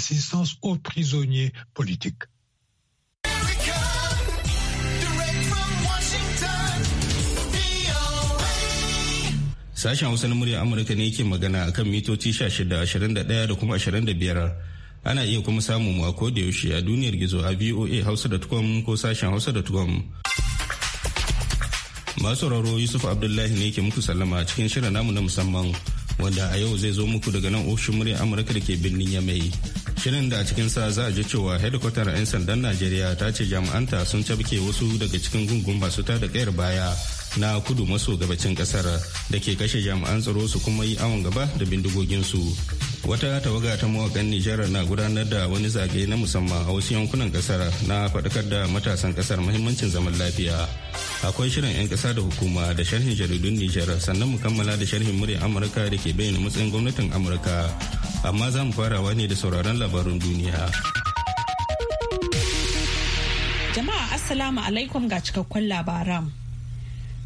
d'assistance aux prisonniers politiques. Sashen Hausa na murya Amurka ne yake magana akan mitoci 1621 da kuma 25. Ana iya kuma samun mu a yaushe a duniyar gizo a VOA Hausa.com ko sashen Hausa.com. Masu sauraro Yusuf Abdullahi ne ke muku sallama cikin shirin namu na musamman. wanda a yau zai zo muku daga nan ofishin murya amurka da ke birnin yamai shirin da a cikin sa za a ji cewa hedikwatar 'yan sandan najeriya ta ce jami'anta sun cabke wasu daga cikin gungun masu tada kayar baya na kudu maso gabacin kasar da ke kashe jami'an tsaro su kuma yi awon gaba da bindigogin su wata tawaga ta mawakan nijar na gudanar da wani zage na musamman a wasu yankunan kasar na faɗakar da matasan kasar mahimmancin zaman lafiya akwai shirin 'yan ƙasa da hukuma da sharhin jaridun nijar sannan mu kammala da sharhin murya amurka da ke bayyana matsayin gwamnatin amurka amma za mu farawa ne da sauraron labarun duniya jama'a assalamu alaikum ga cikakkun labaran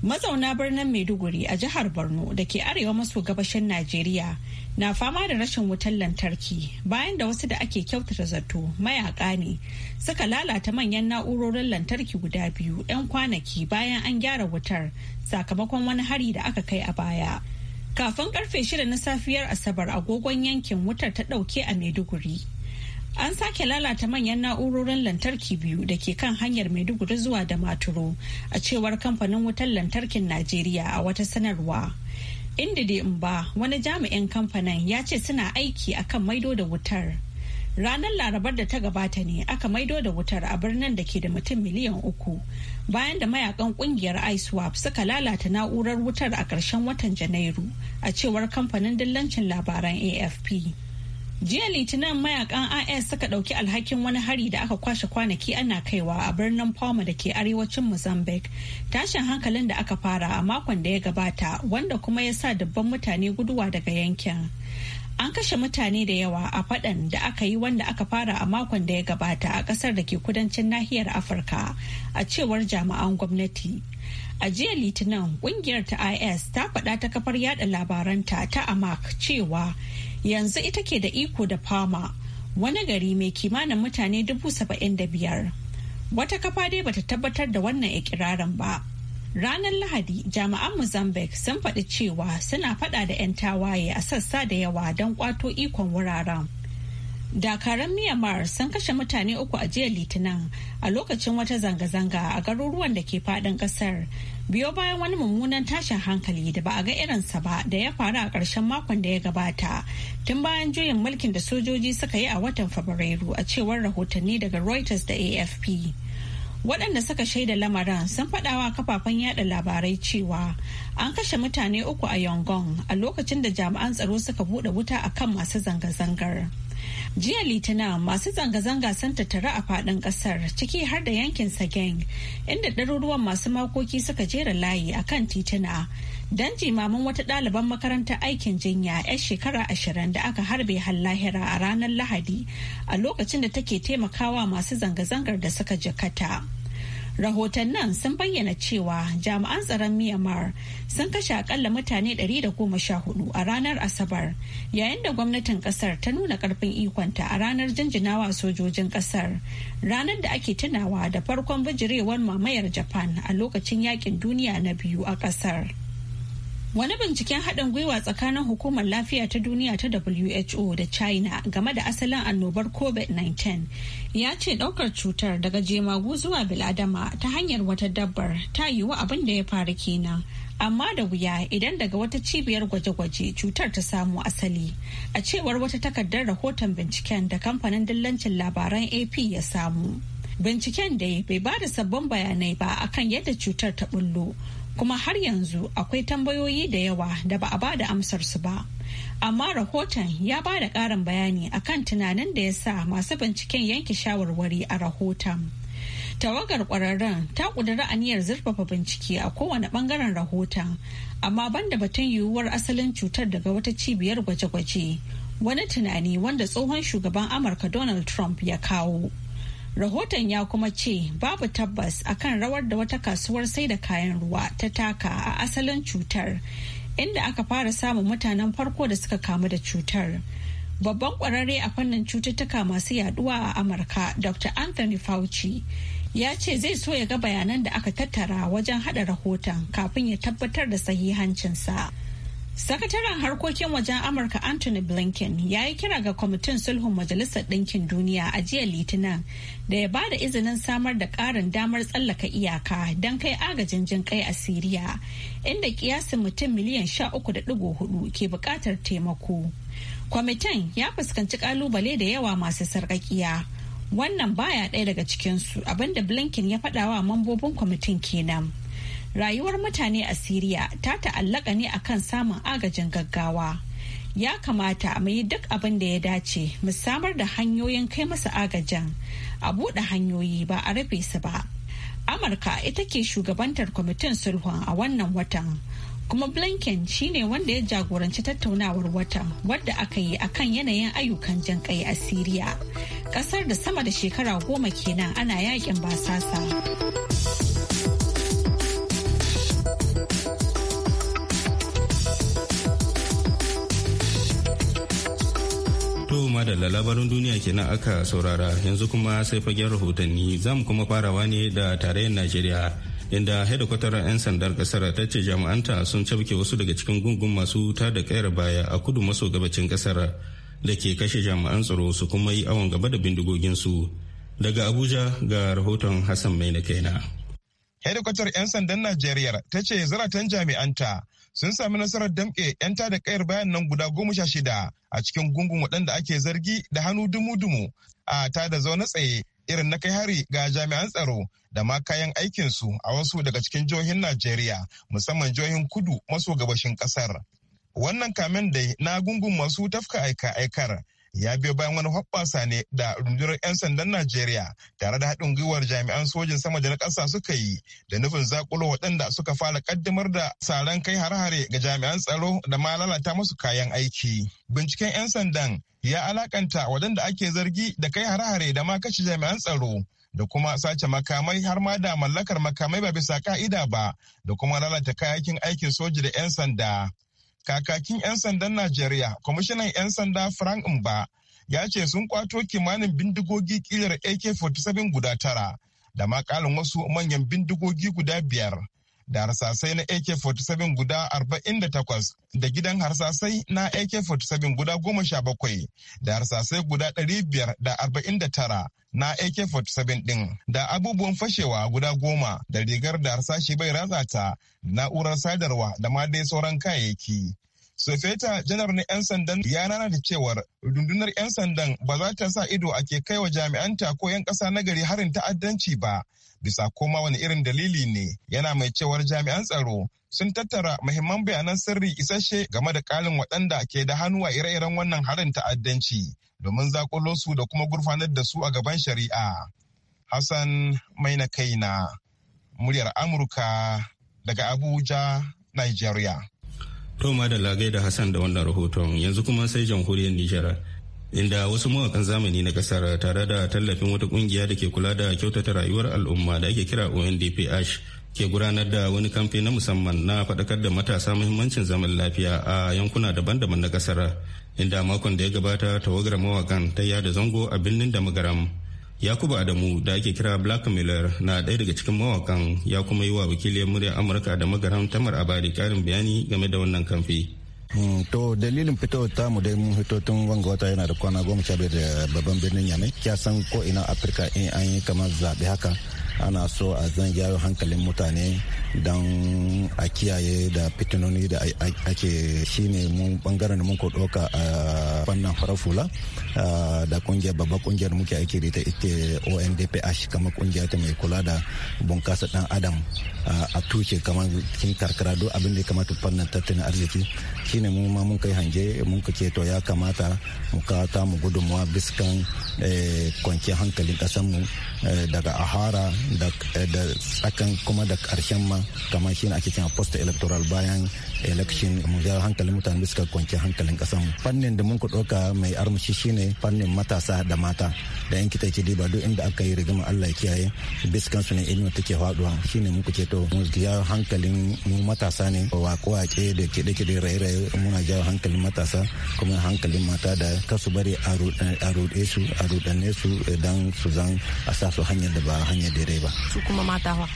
Mazauna birnin Maiduguri a jihar Borno da ke arewa maso gabashin Najeriya na fama da rashin wutar lantarki bayan da wasu da ake kyautata zato mayaka ne suka lalata manyan na'urorin lantarki guda biyu 'yan kwanaki bayan an gyara wutar sakamakon wani hari da aka kai a baya. Kafin karfe shida na safiyar Asabar agogon yankin wutar ta ɗauke a Maiduguri. An sake lalata manyan na'urorin lantarki biyu da ke kan hanyar Maiduguri zuwa da maturo a cewar kamfanin wutar lantarkin Najeriya a wata sanarwa. Inda da ba wani jami'in kamfanin ya ce suna aiki a kan maido da wutar. Ranar larabar da ta gabata ne aka maido da wutar a birnin da ke da mutum miliyan uku bayan da mayakan kungiyar ISWAP suka lalata na'urar wutar a ƙarshen watan Janairu a cewar kamfanin dillancin labaran AFP. jiya litinin mayakan is suka ɗauki alhakin wani hari da aka kwashe kwanaki ana kaiwa a birnin palma da ke arewacin mozambique tashin hankalin da aka fara a makon da ya gabata wanda kuma ya sa dubban mutane guduwa daga yankin an kashe mutane da yawa a faɗan da aka yi wanda aka fara a makon da ya gabata a ƙasar da ke kudancin nahiyar afirka a cewar jami'an gwamnati a jiya litinin ƙungiyar ta is ta faɗa ta kafar yada labaranta ta amak cewa yanzu ita ke da iko da fama wani gari mai kimanin mutane dubu saba'in da biyar wata kafa dai bata tabbatar da wannan ikirarin ba ranar lahadi jami'an mozambique sun faɗi cewa suna faɗa da 'yan tawaye a sassa da yawa don kwato ikon wuraren Dakaran Myanmar sun kashe mutane uku a jiya Litinin a lokacin wata zanga-zanga a garuruwan da ke fadin ƙasar. Biyo bayan wani mummunan tashin hankali da ba a ga irinsa ba da ya faru a ƙarshen makon da ya gabata tun bayan juyin mulkin da sojoji suka yi a watan Fabrairu a cewar rahotanni daga Reuters da AFP. Waɗanda suka shaida lamarin sun faɗawa kafafen yada labarai cewa an kashe mutane uku a Yongon, a lokacin da jami'an tsaro suka buɗe wuta akan masu zanga-zangar. jiya litinin masu zanga-zanga sun tattara a fadin kasar ciki har da yankin sageng inda ɗaruruwan masu makoki suka jera layi a kan tituna don jimamin wata ɗaliban makarantar aikin jinya 'yar shekara ashirin da aka harbe hallahira a ranar lahadi a lokacin da take taimakawa masu zanga-zangar da suka jikata. rahotannin sun bayyana cewa jami'an tsaron myanmar sun kashe akalla mutane 114 a ranar asabar yayin da gwamnatin kasar ta nuna karfin ikonta a ranar jinjinawa sojojin kasar ranar da ake tunawa da farkon bijirewar mamayar japan a lokacin yakin duniya na biyu a kasar Wani binciken haɗin gwiwa tsakanin hukumar lafiya ta duniya ta WHO da China game da asalin annobar COVID-19 ya ce ɗaukar cutar daga jemagu zuwa biladama ta hanyar wata dabbar ta yiwu abin da ya faru kenan. Amma da wuya idan daga wata cibiyar gwaje-gwaje cutar ta samu asali. A cewar wata takardar rahoton binciken da kamfanin dillancin labaran AP ya samu. Binciken dai bai ba da sabbin bayanai ba akan yadda cutar ta bullo. kuma har yanzu akwai tambayoyi da yawa da ba a ba da amsarsu ba. Amma rahoton ya ba da ƙarin bayani akan tunanin da ya sa masu binciken yanke shawarwari a rahoton. Tawagar ƙwararren ta ƙudiri aniyar zurfafa bincike a kowane ɓangaren rahoton, amma banda batun yiwuwar asalin cutar daga wata cibiyar gwaje-gwaje, wani tunani wanda tsohon shugaban Amurka Donald Trump ya kawo. Rahoton ya kuma ce babu tabbas akan rawar da wata kasuwar sai da kayan ruwa ta taka a asalin cutar inda aka fara samun mutanen farko da suka kamu da cutar. Babban kwararre a fannin cututtuka masu yaduwa a Amurka Dr. Anthony Fauci ya ce zai so ya ga bayanan da aka tattara wajen hada rahoton kafin ya tabbatar da sahihancinsa. Sakataren harkokin wajen Amurka Anthony Blinken ya yi kira ga kwamitin sulhun Majalisar Ɗinkin Duniya a jiya Litinin da ya bada izinin samar da ƙarin damar tsallaka iyaka don kai agajin jin kai a Siriya, inda kiyasin mutum miliyan sha uku da ɗigo hudu ke buƙatar taimako. Kwamitin ya fuskanci ƙalubale da yawa masu sarƙaƙiya. Wannan baya ɗaya daga cikinsu abinda Blinken ya faɗawa mambobin kwamitin kenan. rayuwar mutane a siriya ta ta'allaka ne akan samun agajin gaggawa ya kamata mu yi duk abin da ya dace mu samar da hanyoyin kai masa agajin a buɗe hanyoyi ba a rufe su ba amurka ita ke shugabantar kwamitin sulhun a wannan watan kuma blinken shine wanda ya jagoranci tattaunawar watan wadda aka yi akan yanayin ayyukan jan kai a siriya kasar da sama da shekara goma kenan ana yakin basasa da labarin duniya kenan aka saurara yanzu kuma sai fagen rahotanni zamu kuma farawa ne da tarayyar najeriya inda hedikwatar 'yan sandar kasar ta ce jami'anta sun cabke wasu daga cikin gungun masu ta da kayar baya a kudu maso gabacin kasar da ke kashe jami'an tsaro su kuma yi awon gaba da bindigoginsu daga abuja ga rahoton hassan mai na kaina. hedikwatar 'yan sandan najeriya ta ce zaratan jami'anta sun sami nasarar damke 'yan da kayar bayan nan guda goma sha shida a cikin gungun waɗanda ake zargi da hannu dumu-dumu a da zaune tsaye irin na kai hari ga jami'an tsaro da ma kayan aikinsu a wasu daga cikin jihohin najeriya musamman jihohin kudu maso gabashin ƙasar wannan kamen dai na gungun masu tafka aika-aikar ya biyo bayan wani hoɓɓasa ne da rundunar 'yan sandan Najeriya tare da haɗin gwiwar jami'an sojin sama da na ƙasa suka yi da nufin zaƙulo waɗanda suka fara ƙaddamar da saran kai har-hare ga jami'an tsaro da ma lalata musu kayan aiki. Binciken 'yan sandan ya alakanta waɗanda ake zargi da kai har-hare da ma kashe jami'an tsaro da kuma sace makamai har ma da mallakar makamai ba bisa ka'ida ba da kuma lalata kayakin aikin soji da 'yan sanda. kakakin 'yan sandan Najeriya, kwamishinan 'yan sanda Frank Mba ya ce sun kwato kimanin bindigogi kilar AK-47 guda tara da makalin wasu manyan bindigogi guda biyar da harsasai na AK-47 guda 48 da gidan harsasai na AK-47 guda 17 da harsasai guda 549 na AK-47 ɗin da abubuwan fashewa guda goma da rigar da harsashi bai razata na'urar sadarwa da ma dai sauran kayayyaki. Sofeta janar na 'yan sandan ya da cewar rundunar 'yan sandan ba za ta sa ido ake kai wa jami'anta ko 'yan ƙasa nagari harin ta'addanci ba. Bisa koma wani irin dalili ne yana mai cewar jami'an tsaro sun tattara mahimman bayanan sirri isasshe game da kalin waɗanda ke da hannu a ire-iren wannan harin ta'addanci domin zakulo su da kuma gurfanar da su a gaban shari'a. Hassan Maina Kaina, muryar Amurka daga Abuja, Nigeria. Toma da Lagai da Hassan da wannan rahoton yanzu kuma sai jamhuriyar Nijar. Inda wasu mawakan zamani na kasar tare da tallafin wata kungiya da ke kula da kyautata rayuwar al'umma da ake kira ONDPH ke gudanar da wani kamfe na musamman na faɗakar da matasa muhimmancin zaman lafiya a yankuna daban-daban na kasar. Inda makon da ya gabata tawagar mawakan ta yada zango a birnin da magaram. yakubu adamu da ake kira black miller na ɗaya daga cikin mawakan ya kuma yi wa wakiliyar murya amurka da magaran tamar abari karin bayani game da wannan kamfe hmm, to dalilin fitowar tamu dai mun fito tun wanga wata yana da kwana goma sha biyar da babban birnin yamai kya san ko ina afirka in an yi kamar zaɓe haka ana so a zan jawo hankalin mutane don a kiyaye da fitinoni da ake shi ne mun bangaren mun ko doka a fannin farafula da kungiyar babbar kungiyar muke aiki da ita ita ondph kamar kungiya ta mai kula da bunkasa dan adam a tuke kamar cikin karkara duk abin da ya kamata fannin tattalin arziki ne mu ma mun kai hange mun kake to ya kamata mu kata mu gudunmuwa biskan eh, kwanciyar hankalin kasanmu eh, daga ahara da tsakan kuma da karshen ma kamar shi ake cewa post electoral bayan election mu ga hankalin mutane suka kwanci hankalin kasan mu fannin da mun ku doka mai armashi shine fannin matasa da mata da yan kitaki ce ba duk inda aka yi rigima Allah ya kiyaye biskan su ne ilmi take faduwa shine mun ku ce to mu ga hankalin mu matasa ne wa kwace da kide kide raye rai muna ga hankalin matasa kuma hankalin mata da kasu bari a ruɗe su a ruɗane su dan su zan a sa su hanyar da ba hanyar sosai ba su kuma mata fa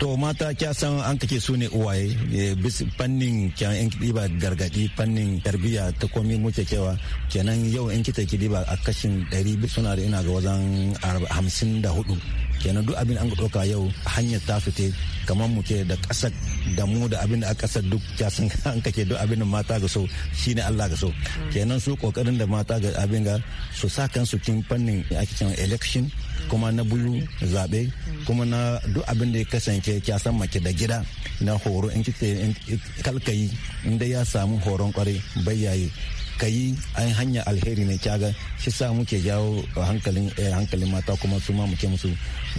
to mata kya san an kake su ne uwaye eh, bis fannin kyan yan ba gargadi fannin tarbiyya ta komi muke cewa kenan yau in kita ba a kashin 100 suna da ina ga wajen 54 kenan duk abin an ga ɗauka yau hanyar ta fite kamar mu ke da ƙasar da mu da abin da a ƙasar duk san an kake duk abin da mata ga so shine Allah ga so kenan su kokarin da mata ga abin ga su sa kansu cikin fannin ake cewa election kuma na buyu zabe kuma na duk abin da ya kasance ya san mace da gida na horo in kike kalkayi inda ya samu horon kwarai bayyaye ka yi an hanya alheri ne kyaga shi sa muke jawo hankalin eh, hankalin mata kuma su ma muke musu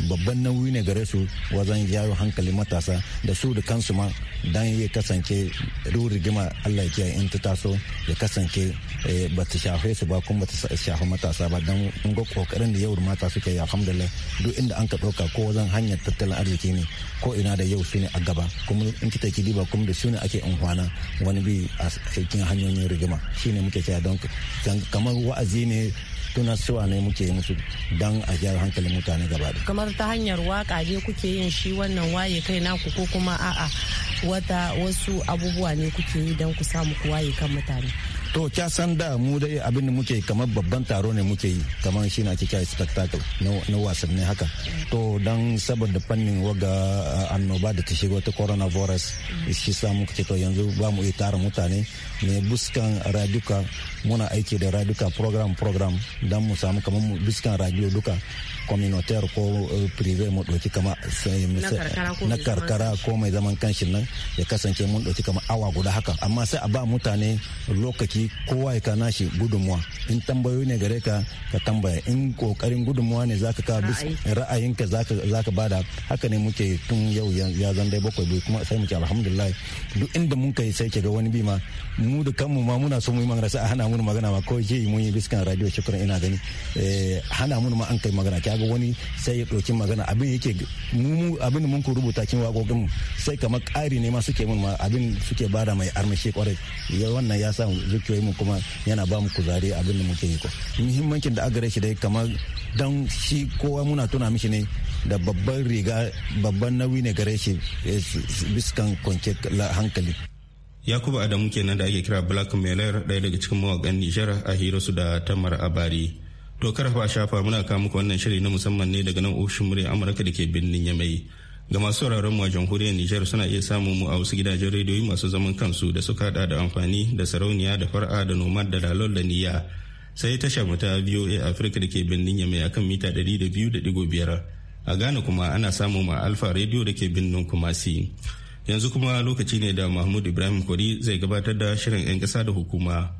babban nauyi ne gare su wajen jawo hankalin matasa da su da kansu ma dan ya kasance duk rigima Allah ya in ta taso ya kasance eh, ba ta shafe su ba kuma ba ta shafe matasa ba dan ga kokarin da yau mata suke yi alhamdulillah duk inda an ka dauka ko wajen hanyar tattalin arziki ne ko ina da yau su ne a gaba kuma in kita ki diba kuma da su ne ake amfana wani bi a cikin hanyoyin rigima shine muke cewa don kamar wa'azi ne suwa ne muke musu don a gyara hankalin mutane gaba da. kamar ta hanyar waka je kuke yin shi wannan waye kai naku ko kuma a'a wata wasu abubuwa ne kuke yi don ku samu ku waye kan mutane to kya san da mu dai abin da muke kamar babban taro ne muke yi kamar shi na kika spectacle na wasanni haka to dan saboda fannin waga annoba da ta shigo ta coronavirus shi sa muka ce to yanzu ba mu iya tara mutane ne buskan raduka muna aiki da raduka program program dan mu samu kamar buskan radio duka communautaire ko eh, privé mu ɗauki kama na karkara ko mai zaman kanshin nan ya kasance mun ɗauki kama awa guda haka amma sai a ba mutane lokaci kowa ya kana shi gudunmuwa in tambayo ne gare ka ka tambaya in kokarin gudunmuwa ne zaka ka ra'ayinka zaka zaka bada haka ne muke tun yau ya zan dai bakwai bai kuma sai muke alhamdulillah duk inda mun kai sai kiga wani bima mu da kanmu ma muna so mu yi magana sai a hana mun magana ma ko je mun yi biskan radio shukran ina gani eh, hana mun ma an kai magana ya ga wani sai ya ɗauki magana abin yake abin mun ku rubuta kin waƙoƙin mu sai kamar ƙari ne ma suke mun ma abin suke bada mai armashi kwarai wannan ya sa zukiyoyi mu kuma yana ba mu kuzari abin da muke yi ko muhimmancin da gare shi dai kamar dan shi kowa muna tuna mishi ne da babban riga babban nauyi ne gare shi eh, biskan kwanke hankali yakubu adamu kenan da ake kira black mailer ɗaya daga cikin mawakan nijar a su da tamar abari To fa shafa muna kawo muku wannan shiri na musamman ne daga nan ofishin murya Amurka da ke birnin Yamai. Ga masu sauraron mu a jamhuriyar Nijar suna iya samun mu a wasu gidajen rediyoyi masu zaman kansu da suka hada da amfani da sarauniya da far'a da nomad da lalol da niyya. Sai tashar mu ta VOA Africa da ke birnin Yamai akan mita 200.5. A Ghana kuma ana samun mu a Alfa Radio da ke birnin Kumasi. Yanzu kuma lokaci ne da Mahmud Ibrahim Kori zai gabatar da shirin 'yan ƙasa da hukuma.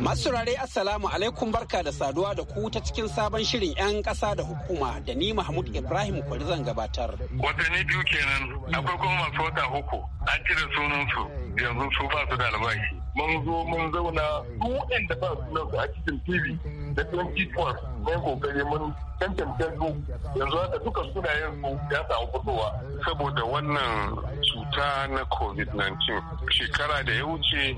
Masu rare Assalamu alaikum barka da saduwa da ku ta cikin sabon shirin 'yan ƙasa da hukuma da ni Mahmud Ibrahim Kwari zan gabatar. Watanni biyu kenan akwai kuma masu wata uku an cire sunansu yanzu su ba su da albashi. Mun zo mun zauna duk da ba sunansu a cikin TV da 24 mun kokari mun tantance su yanzu haka duka sunayen su ya samu fitowa saboda wannan cuta na COVID-19 shekara da ya wuce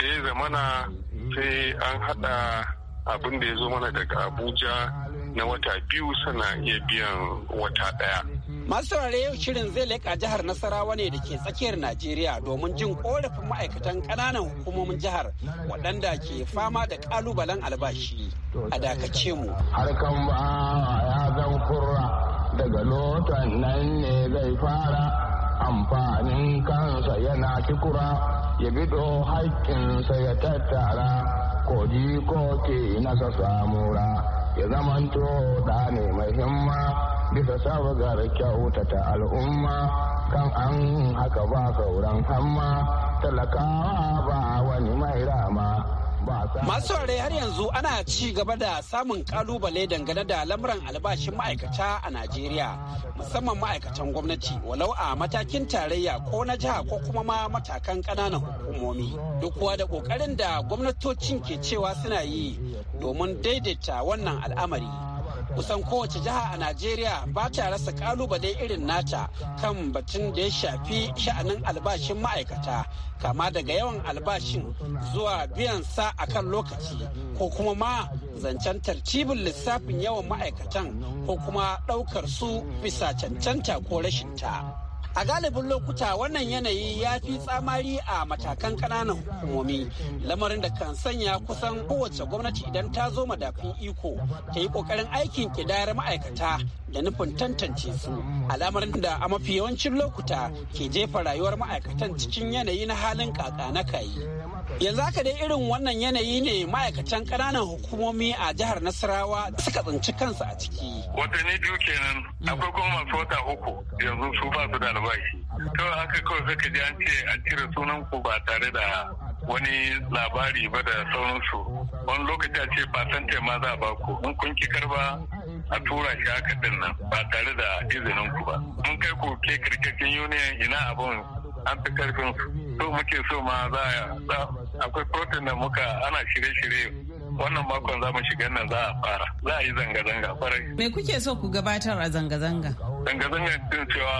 sai zamana sai an hada abin da ya zo mana daga abuja na wata biyu sana iya biyan wata daya masu saurare yau shirin zai leƙa jihar nasarawa ne da ke tsakiyar najeriya domin jin korafin ma'aikatan ƙananan hukumomin jihar waɗanda ke fama da ƙalubalen albashi a dakace mu harkan ba ya zan kurra daga lotan nan ne zai fara amfanin kansa yana kikura ya bido haƙƙinsa ya tattara koji ko ke nasa samura ya zamanto da ne mai himma bisa sabgar kyautata al'umma kan an haka ba sauran hamma talakawa ba wani mai rama Masu ware har yanzu ana ci gaba da samun kalubale dangane da lamuran albashin ma'aikata a Najeriya musamman ma'aikatan gwamnati walau a matakin tarayya ko na jiha ko kuma ma matakan ƙananan hukumomi. Duk kuwa da ƙoƙarin da gwamnatocin ke cewa suna yi domin daidaita wannan al'amari. kusan kowace jiha a najeriya ba ta rasa kalubale irin nata kan batun da ya shafi sha'anin albashin ma'aikata kama daga yawan albashin zuwa biyan sa a kan lokaci ko kuma ma zancen tartibin lissafin yawan ma'aikatan ko kuma ɗaukar su bisa cancanta ko rashinta. a galibin lokuta wannan yanayi ya fi tsamari a matakan kananan hukumomi lamarin da kan sanya kusan kowace gwamnati idan ta zo madafin iko ta yi ƙoƙarin aikin kidayar ma'aikata da nufin tantance su al'amarin da a mafi yawancin lokuta ke jefa rayuwar ma'aikatan cikin yanayi na halin kaka na kayi yanzu haka dai irin wannan yanayi ne ma'aikatan kananan hukumomi a jihar nasarawa suka tsinci kansu a ciki watanni biyu kenan akwai kuma masu wata uku yanzu su ba su da albashi kawai haka kawai suka ji an ce a cire sunan ku ba tare da wani labari ba da sauransu wani lokaci a ce ba san ma za a ba ku in kun ki karba a tura shi haka din nan ba tare da izinin ku ba mun kai ku ke kirkirkin union ina abin an fi karfin so muke so ma za a akwai protein da muka ana shirye-shirye wannan makon za mu shiga nan za a fara za a yi zanga-zanga farai. Me kuke so ku gabatar a zanga-zanga? Zanga-zanga din cewa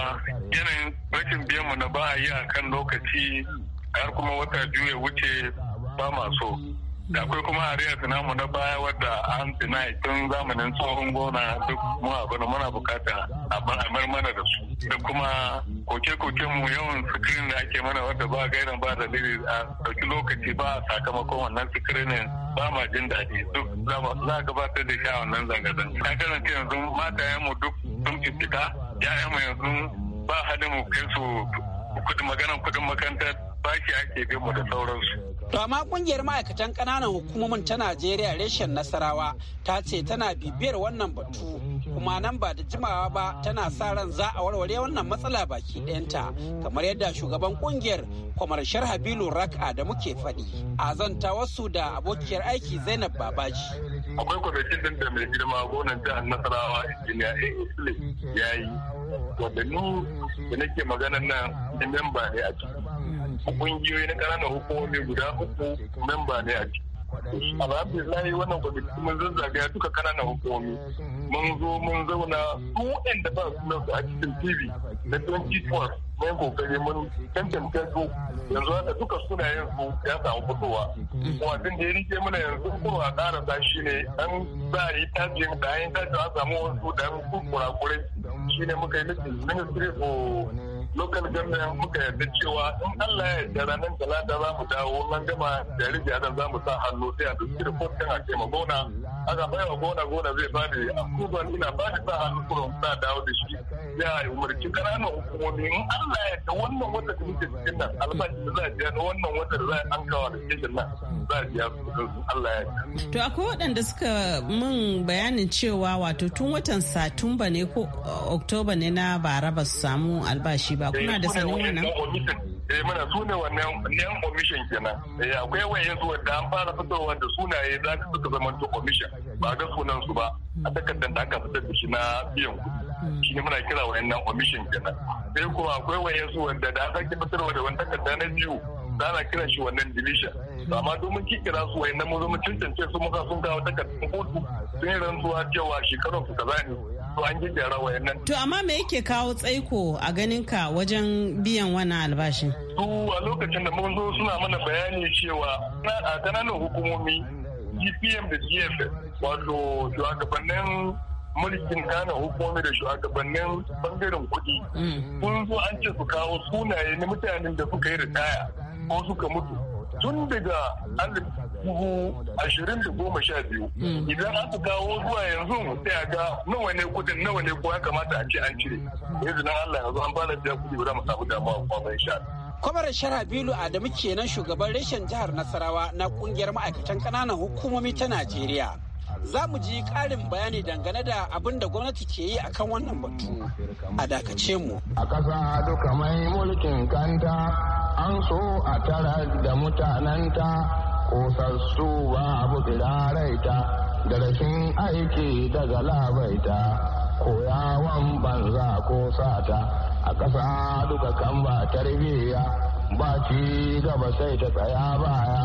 yanayin rashin biyan mu na ba a yi a kan lokaci har kuma wata juya wuce ba ma so. da akwai kuma riyar namu na baya wadda an tsinai tun zamanin tsohon gona duk mu abin muna bukata a bar mana da su da kuma koke-koken mu yawan sikirin da ake mana wadda ba gairan ba dalili a ɗauki lokaci ba a sakamakon wannan sikirinin ba ma jin daɗi duk za a gabatar da shi a wannan zanga-zanga ya karanta yanzu matayen mu duk sun fifita ya'yan mu yanzu ba halin mu kai su kudin maganan kudin makarantar ake bin mu da sauransu To amma kungiyar ma'aikatan kananan hukumomin ta Najeriya reshen Nasarawa ta ce tana bibiyar wannan batu kuma nan ba da jimawa ba tana sa ran za a warware wannan matsala baki ɗayanta kamar yadda shugaban kungiyar kwamar Habilu Raka da muke faɗi a zanta wasu da abokiyar aiki Zainab Babaji. Akwai kwamitin din da mai girma gonan jihar Nasarawa injiniya A. ya yi da nake magana nan memba ne a ciki. kungiyoyi na ƙananan hukumomi guda uku memba ne a ciki alhamdulillahi wannan kwamiti mun zazzagaya duka kananan hukumomi mun zo mun zauna su waɗanda ba su nan a cikin tv na 2012 mun kokari mun tantance su yanzu haka duka sunayen su ya samu fitowa wajen da ya rike mana yanzu kuma a ƙara sa shi ne an za a yi tajin da an yi a samu wasu da an kurakurai kurai shi ne muka yi nufin ministry for local government muka yarda cewa in Allah ya yarda ranar talata za mu dawo nan gama jari jari za mu sa hannu sai a dauki report kan a ce ma gona aka bai wa gona gona zai bada a kuma ina ba da sa hannu kuma sa dawo da shi ya umarci ƙananan hukumomi in Allah ya ta wannan wata da muke cikin nan albashi da za a na wannan wata da za a an kawo da cikin nan za a biya Allah ya To akwai waɗanda suka min bayanin cewa wato tun watan Satumba ne ko Oktoba ne na bara ba su samu albashi ba kuna da sanin wannan? Eh, eh mana su ne wannan nan commission kenan eh akwai wayan su wanda an fara fitowa da sunaye za su suka zama to commission ba ga sunan su ba a takardar da aka fitar da shi na biyan kuɗi shi ne muna kira wa nan commission kenan sai kuma akwai wayan su wanda da aka fitarwa da wani takarda na biyu za a kira shi wannan division amma domin kikira su wayannan mun zama cancance su muka sun kawo takardar kotu sai rantsuwa cewa shekarar su kaza ne an gyara nan. To amma me yake kawo tsaiko a ganin ka wajen biyan wannan albashin? Su a lokacin da mun zo suna mana bayani cewa a kananan hukumomi GPM da GFS wato shugabannin mulkin kana hukumomi da shugabannin bangaren kuɗi. Mm. Sun zo an ce su kawo sunaye na mutanen da suka yi ritaya ko suka mutu. Tun daga dubu ashirin da goma sha biyu mm. idan aka kawo zuwa yanzu sai a ga nawa ne kudin nawa ne kuwa ya kamata a ce an cire yanzu nan Allah yanzu an fara biya kudi ba za mu samu damuwa kuma bai sha Shara Bilu adamu kenan shugaban reshen jihar nasarawa na kungiyar ma'aikatan kananan hukumomi ta najeriya za mu ji ƙarin bayani dangane da abin da gwamnati ke yi akan wannan batu a dakace mu a ƙasa duka mai mulkin kanta an so a tara da mutananta kusassu babu kiraraita da rashin aiki daga labaita koyawan banza ko sata a ƙasa duka kan ba tarbiyya ba ci gaba sai ta tsaya baya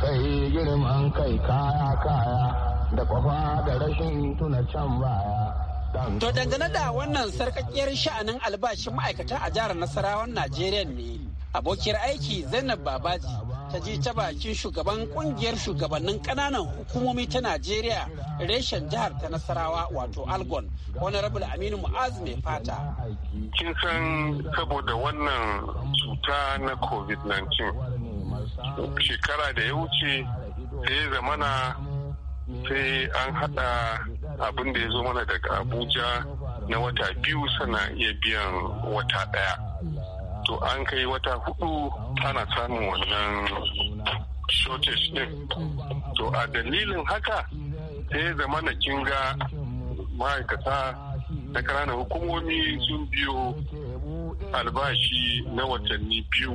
sai girman kai kaya kaya da kwafa da rashin tuna can baya To dangane da wannan sarkakkiyar sha'anin albashin ma'aikata a jihar Nasarawan Najeriya ne abokiyar aiki Zainab Babaji ta je ta bakin shugaban kungiyar shugabannin kananan hukumomi ta najeriya reshen jihar ta nasarawa wato algon honorable aminu mu'az mai fata kin san saboda wannan cuta na covid-19 shekara da ya wuce sai zamana sai an hada abin da ya zo mana daga abuja na wata biyu sana iya biyan wata daya to an kai wata hudu ana samun wannan shortage din to a dalilin haka sai zama na kinga ma'aikata na ƙananan hukumomi sun biyo albashi na watanni biyu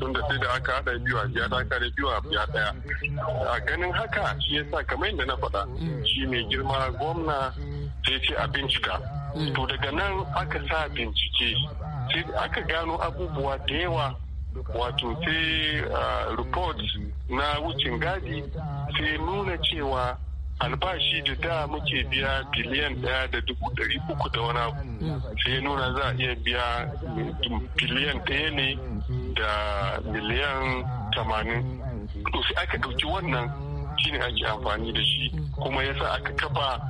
tunda sai da aka haɗa biyu a biya ta kare biyu a biya ɗaya a ganin haka shi ya sa kamar yadda na faɗa shi mai girma gwamna sai ce a bincika to daga nan aka sa bincike sai aka gano abubuwa da yawa wato sai ah, report na wucin gadi sai nuna cewa albashi da da muke biya biliyan daya da dubu dari uku da wani abu sai nuna za a iya biya biliyan daya ne da miliyan tamanin to sai aka ɗauki wannan shine ake amfani da shi kuma yasa aka kafa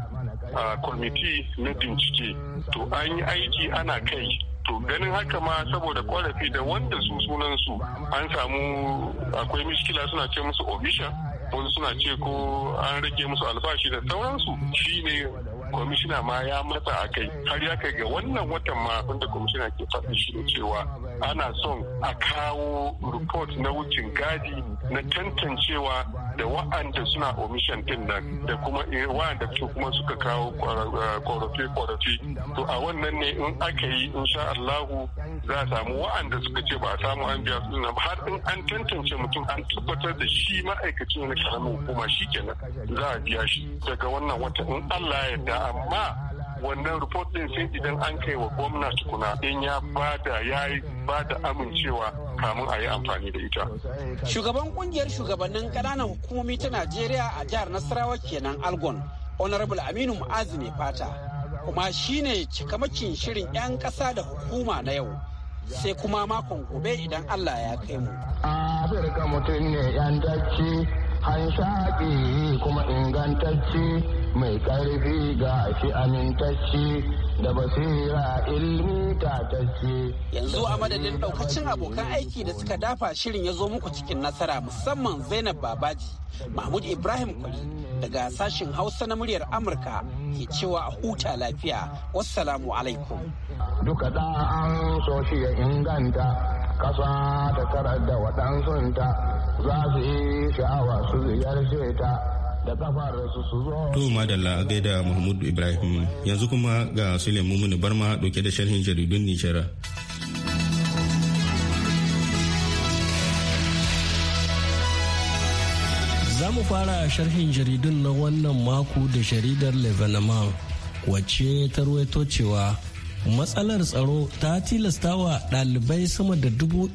ah, kwamiti na bincike to an yi aiki ana kai to ganin haka ma saboda kwarafi da wanda su sunansu an samu akwai mishkila suna ce musu obisha wani suna ce ko an rage musu albashi da sauransu shi ne kwamishina ma ya matsa a kai har ya kai ga wannan watan ma wanda kwamishina ke faɗi shi cewa ana son a kawo report na wucin gadi na tantancewa da wa'anda suna omission din nan da kuma eh, wa'anda su kuma suka kawo korafi-korafi eh, to a wannan ne in aka yi insha Allahu za a samu wa'anda suka ce ba a samu an biya su har in an tantance mutum an tabbatar da shi ma'aikacin na karamin hukuma shi kenan za a biya shi daga wannan wata in Allah ya yarda amma wannan report din sai idan an kai wa gwamna tukuna in ya bada ya yi bada amincewa kamun a yi amfani da ita. Shugaban kungiyar shugabannin ƙananan hukumomi ta Najeriya a jihar Nasarawa kenan Algon, Honorable Aminu Mu'azu ne fata. kuma shi shine cikamakin shirin 'yan ƙasa da hukuma na yau sai kuma makon gobe idan Allah ya kai mu. Afirka mutum ne 'yan dace, hanshaƙi kuma ingantacce mai ƙarfi ga shi amintacci da basira ilmi tatacce. Yanzu a madadin ɗaukacin abokan aiki da suka dafa shirin ya zo muku cikin nasara musamman Zainab Babaji, Mahmud Ibrahim Kuli daga sashen Hausa na muryar Amurka ke cewa a huta lafiya. Wassalamu alaikum. Duka da an shi ya inganta, ƙasa ta tarar da waɗansunta za su yi sha'awa su ziyarce ta. da kafararsu su zo. gaida Mahmud Ibrahim yanzu kuma ga Suleiman Mumuni Barma dauke da sharhin jaridun Nijar. zamu mu fara sharhin jaridun na wannan mako da jaridar levanama wacce ta ruwaito cewa matsalar tsaro ta tilastawa ɗalibai sama da dubu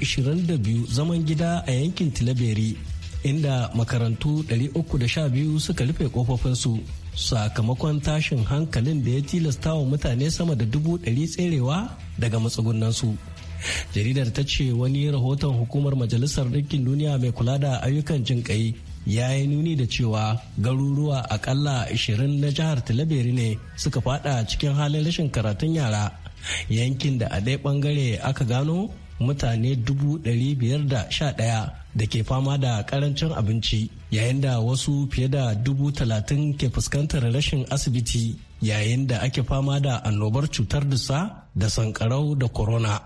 biyu zaman gida a yankin tilaberi inda makarantu 312 suka rufe kofofinsu sakamakon tashin hankalin da ya tilasta wa mutane sama da dubu ɗari tserewa daga matsugunansu. jaridar ta ce wani rahoton hukumar majalisar ɗinkin duniya mai kula da ayyukan jinƙai ya yi nuni da cewa garuruwa akalla 20 na jihar talabiri ne suka fada cikin halin rashin karatun yara yankin da a ɗaya bangare aka gano mutane 511 da ke fama da karancin abinci yayin da wasu fiye da dubu talatin ke fuskantar rashin asibiti yayin da ake fama da annobar cutar dusa da sankarau da corona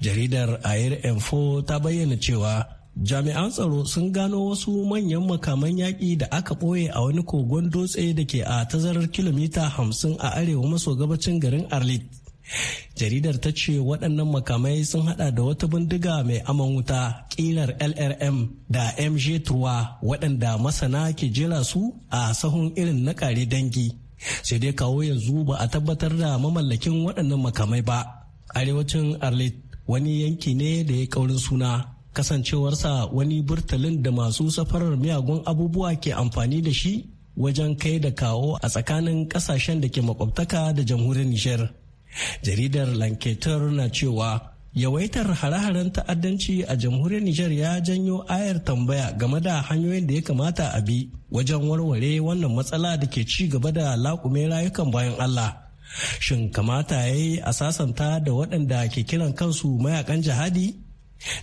jaridar air info ta bayyana cewa jami'an tsaro sun gano wasu manyan makaman yaƙi da aka ɓoye a wani kogon dutse da ke a tazarar kilomita 50 a arewa maso gabacin garin arlit jaridar ta ce waɗannan makamai sun hada da wata bindiga mai aman wuta ƙirar lrm da mg 3 waɗanda masana ke jera su a sahun irin na kare dangi sai dai kawo yanzu ba a tabbatar da mamallakin waɗannan makamai ba arewacin arlit wani yanki ne da ya ƙaurin suna kasancewarsa wani burtalin da masu safarar miyagun abubuwa ke amfani da shi wajen kai da kawo a tsakanin ƙasashen da ke makwabtaka da jamhuriyar nijar jaridar lanketar na cewa yawaitar hare-haren ta'addanci a jamhuriyar nijar ya janyo ayar tambaya game da hanyoyin da ya kamata a bi wajen warware wannan matsala da ke ci gaba da laƙume rayukan bayan allah shin kamata ya yi a sasanta da waɗanda ke kiran kansu mayakan jihadi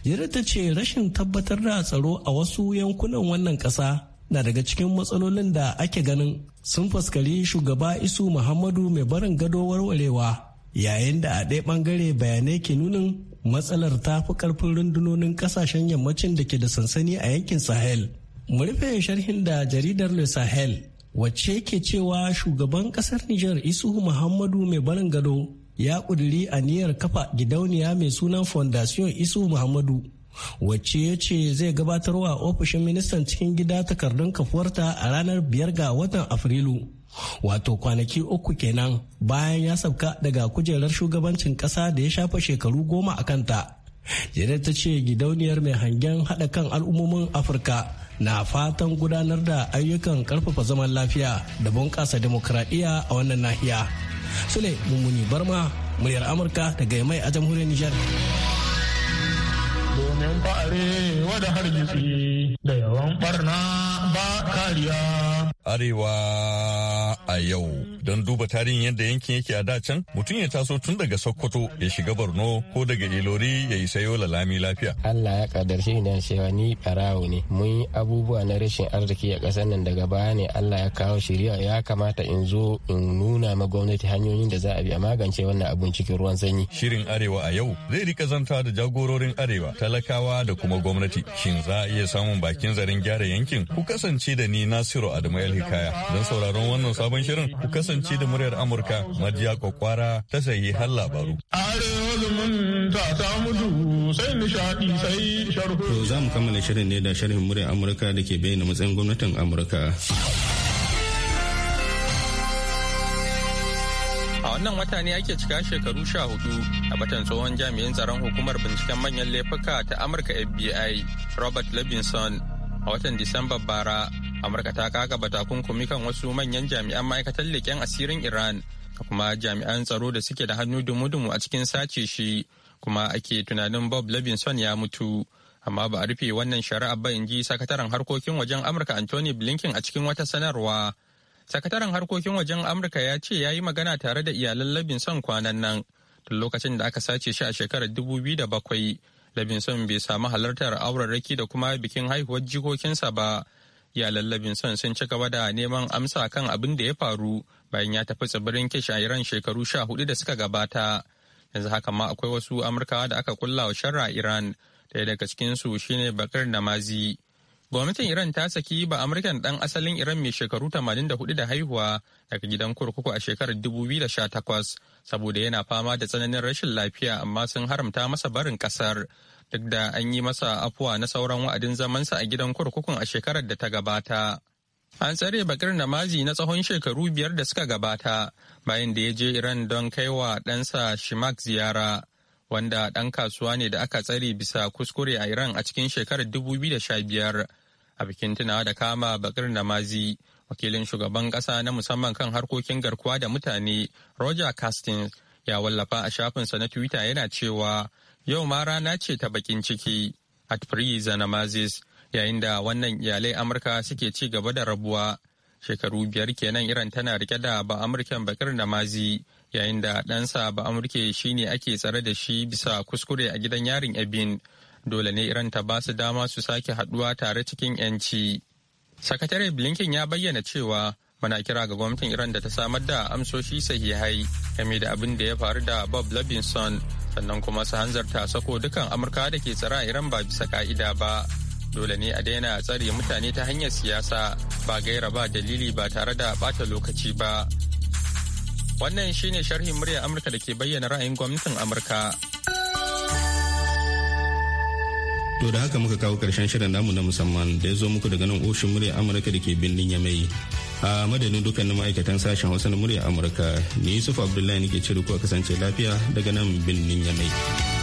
jira ta ce rashin tabbatar da tsaro a wasu yankunan wannan ƙasa na daga cikin matsalolin da ake ganin sun faskari shugaba isu muhammadu mai barin gado warwarewa yayin da a ɗaya ɓangare bayanai ke nunin matsalar ta fi ƙarfin rundunonin ƙasashen yammacin da ke da sansani a yankin sahel mu rufe sharhin da jaridar le sahel wacce ke cewa shugaban ƙasar niger isuhu muhammadu mai barin gado ya ƙuduri aniyar kafa gidauniya mai sunan fondation isuhu muhammadu wacce ya ce zai gabatarwa ofishin ministan cikin gida takardun kafuwarta a ranar biyar ga watan afrilu wato kwanaki uku kenan bayan ya sauka daga kujerar shugabancin kasa da ya shafa shekaru goma a kanta jere ta ce gidauniyar mai hangen haɗa kan al'ummomin afirka na fatan gudanar da ayyukan karfafa zaman lafiya da bunƙasa demokradiyya a wannan nahiya sule mummuni barma muryar amurka daga mai a jamhuriyar nijar domin fa'are wada hargitsi da yawan barna ba kariya Arewa a yau. Don duba tarihin yadda yankin yake a da can, mutum ya taso tun daga Sokoto ya shiga Borno ko daga Ilori ya yi sayo lalami lafiya. Allah ya kadarce ni cewa ni barawo ne. Mun yi abubuwa na rashin arziki a ƙasar nan daga baya ne Allah ya kawo shiriya ya kamata in zo in nuna ma gwamnati hanyoyin da za a bi a magance wannan abun cikin ruwan sanyi. Shirin Arewa a yau zai rika zanta da jagororin Arewa, talakawa da kuma gwamnati. Shin za a iya samun bakin zarin gyara yankin? Ku kasance da ni Nasiru Adamu kaya Don sauraron wannan sabon shirin ku kasance da muryar Amurka Majiya Kwakwara ta sayi har labaru. To za mu kammala shirin ne da sharhin muryar Amurka da ke bayyana matsayin gwamnatin Amurka. A wannan wata ne ake cika shekaru sha hudu a batan tsohon jami'in tsaron hukumar binciken manyan laifuka ta Amurka FBI Robert Levinson a watan Disamba bara amurka ta ba takunkumi kan wasu manyan jami'an ma'aikatar leƙen asirin iran kuma jami'an tsaro da suke da hannu dumu-dumu a cikin sace shi kuma ake tunanin bob levinson ya mutu amma ba a rufe wannan shari'a ba in ji sakataren harkokin wajen amurka anthony blinken a cikin wata sanarwa sakataren harkokin wajen amurka ya ce ya yi magana tare da iyalan levinson kwanan nan tun lokacin da aka sace shi a shekarar 2007 levinson bai samu halartar aurarraki da kuma bikin haihuwar jikokinsa ba lallabin son sun ci gaba da neman amsa kan abin da ya faru bayan ya tafi tsibirin Kish a Iran shekaru sha hudu da suka gabata. Yanzu haka ma akwai wasu Amurkawa da aka kulla wa sharra Iran, daya daga cikinsu shine Bakar Namazi. Gwamnatin Iran ta saki ba Amurkan dan asalin Iran mai shekaru 84 da haihuwa daga gidan kurkuku a shekarar 2018 saboda yana fama da tsananin rashin lafiya amma sun haramta masa barin kasar. duk da an yi masa afuwa na sauran wa'adin zamansa a gidan kurkukun a shekarar da ta gabata. An tsare Bakir Namazi na tsawon shekaru biyar da suka gabata bayan da ya je Iran don kai wa ɗansa Shimak ziyara, wanda ɗan kasuwa ne da aka tsare bisa kuskure a Iran a cikin shekarar dubu biyu da sha biyar A bikin tunawa da kama Bakir Namazi, wakilin shugaban ƙasa na musamman kan harkokin garkuwa da mutane Roger Castings ya wallafa a shafinsa na Twitter yana cewa Yau ma rana ce ta bakin ciki, at Zanamazis, yayin da wannan iyalai Amurka suke ci gaba da rabuwa. Shekaru biyar kenan Iran tana rike da ba Amurken Bakir Namazi, yayin da ɗansa ba Amurke shi ne ake tsare da shi bisa kuskure a gidan yarin abin Dole ne Iran ta ba su dama su sake haduwa tare cikin 'yanci. Sakatare Blinken ya bayyana cewa mana kira ga gwamnatin Iran da ta samar da amsoshi sahihai game da abin da ya faru da Bob Levinson. sannan kuma su hanzarta sako dukan amurka da ke tsara iran ba bisa ka'ida ba dole ne a daina tsare mutane ta hanyar siyasa ba gaira ba dalili ba tare da bata lokaci ba wannan shine sharhin muryar amurka da ke bayyana ra'ayin gwamnatin amurka To da haka muka kawo karshen shirin namu na musamman da ya zo muku daga nan ofishin murya Amurka da ke birnin Yamai. a madadin dukkanin ma'aikatan sashen hausa na murya amurka ni yusuf abdullahi nake ce ku a kasance lafiya daga nan birnin yamai